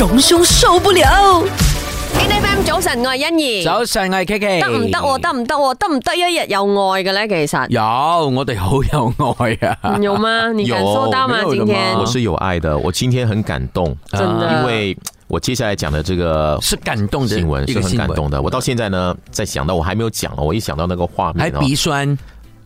榮兄受不了。NFM 早晨，我係欣怡。早晨，我係 KK 得唔得？得唔得？得唔得？得得一日有愛嘅咧，其實有，我哋好、啊、好有愛啊！有嗎？你感受到嗎？嘛今天我是有愛的，我今天很感動，真、啊、的，因為我接下來講的這個是感動的新聞，一個很感動的。我到現在呢，在想到我還沒有講，我一想到那個畫面話，鼻酸。